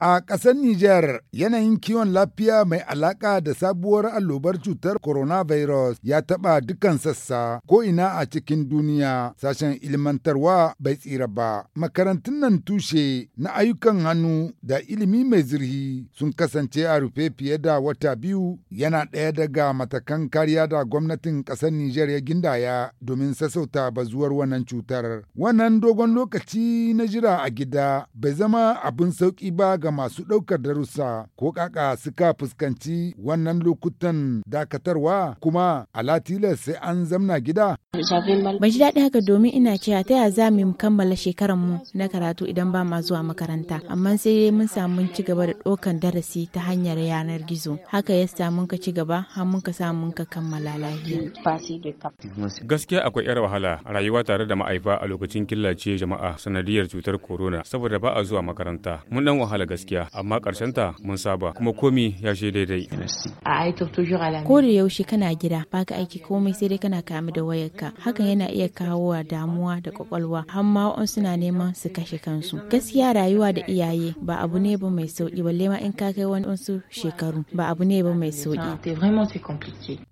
A ƙasar Nijar, yanayin kiwon lafiya mai alaƙa da sabuwar allobar cutar coronavirus ya taɓa dukkan sassa ko'ina a cikin duniya, sashen ilmantarwa bai tsira ba. Makarantun nan tushe na ayyukan hannu da ilimi mai zurhi sun kasance a rufe fiye da wata biyu yana ɗaya daga matakan kariya da gwamnatin ƙasar Nijar ya gindaya domin sassauta bazuwar wannan cutar. Wannan dogon lokaci na jira a gida bai zama abin sauƙi ba ga masu ɗaukar darussa ko kaka suka fuskanci wannan lokutan dakatarwa kuma a latilas sai an zamna gida Ban ji daɗi haka domin ina cewa ta yaya za mu kammala shekarar mu na karatu idan ba ma zuwa makaranta. Amma sai dai mun samu ci gaba da ɗaukan darasi ta hanyar yanar gizo. Haka ya samu ka ci gaba har mun ka samu ka kammala lafiya. Gaskiya akwai yar wahala rayuwa tare da ma'aifa a lokacin killace jama'a sanadiyar cutar corona saboda ba a zuwa makaranta. Mun dan wahala gaskiya amma ƙarshen ta mun saba kuma komi ya she daidai. Ko da yaushe kana gida ba ka aiki komai sai dai kana kame da wayarka. haka hakan yana iya kawo wa damuwa da kwakwalwa har ma suna neman su kashe kansu gaskiya rayuwa da iyaye ba abu ne ba mai sauki balle ma in ka kai wani su shekaru ba abu ne ba mai sauki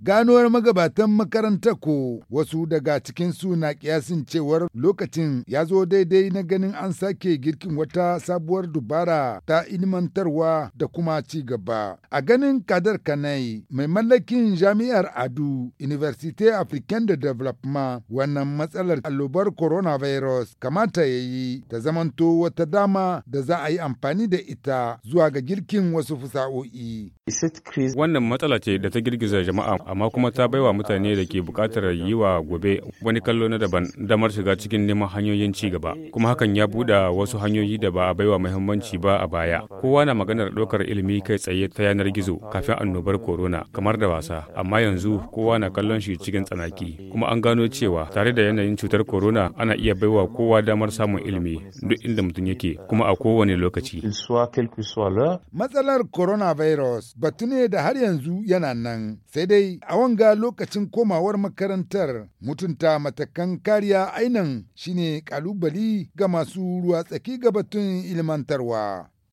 ganuwar magabatan makarantar ko wasu daga cikin su na kiyasin cewar lokacin ya zo daidai na ganin an sake girkin wata sabuwar dubara ta ilimantarwa da kuma ci gaba a ganin kadar kanai mai mallakin jami'ar adu université africaine de develop. ma wannan matsalar allobar coronavirus kamata ya yi ta zamanto wata dama da za a yi amfani da ita zuwa ga girkin wasu fusa'o'i. Wannan matsala ce da ta girgiza jama'a amma kuma ta baiwa mutane da ke bukatar yi wa gobe wani kallo na daban damar shiga cikin neman hanyoyin ci gaba kuma hakan ya buɗe wasu hanyoyi da ba a baiwa muhimmanci ba a baya kowa na maganar ɗaukar ilimi kai tsaye ta yanar gizo kafin annobar corona kamar da wasa amma yanzu kowa na kallon shi cikin tsanaki kuma an gano gano cewa tare da yanayin cutar corona ana iya baiwa kowa damar samun ilimi duk inda mutum yake kuma a kowane lokaci. Matsalar coronavirus batu ne da har yanzu yana nan sai dai a wanga lokacin komawar makarantar mutunta matakan kariya ainan shine kalubali ga masu ruwa tsaki ga batun ilmantarwa.